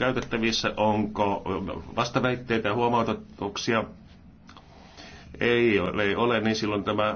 käytettävissä? Onko vastaväitteitä ja huomautuksia? Ei ole, ei ole, niin silloin tämä